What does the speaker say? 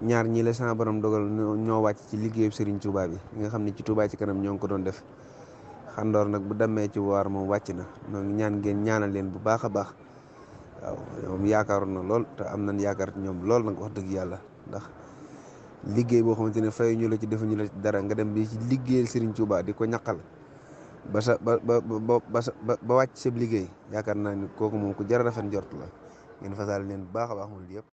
ñaar ñii la sama borom dogal ñoo wàcc ci liggéeyu Serigne Touba bi nga xam ne ci Touba ci kanam ñoo ngi ko doon def xandoor nag bu demee ci waar moom wàcc na ñoo ñaan ngeen ñaanal leen bu baax a baax waaw moom yaakaaroon na lool te am nañ yaakaar ñoom lool nag wax dëgg yàlla ndax liggéey boo xamante ne fay ñu la ci ñu la ci dara nga dem bi ci liggéeyal Serigne Touba di ko ñaqal ba sa ba ba ba sa ba ba wàcc sab liggéey yaakaar naa ni kooku moom ku jar a rafet njort la ngeen fasal leen bu baax baax moom yëpp.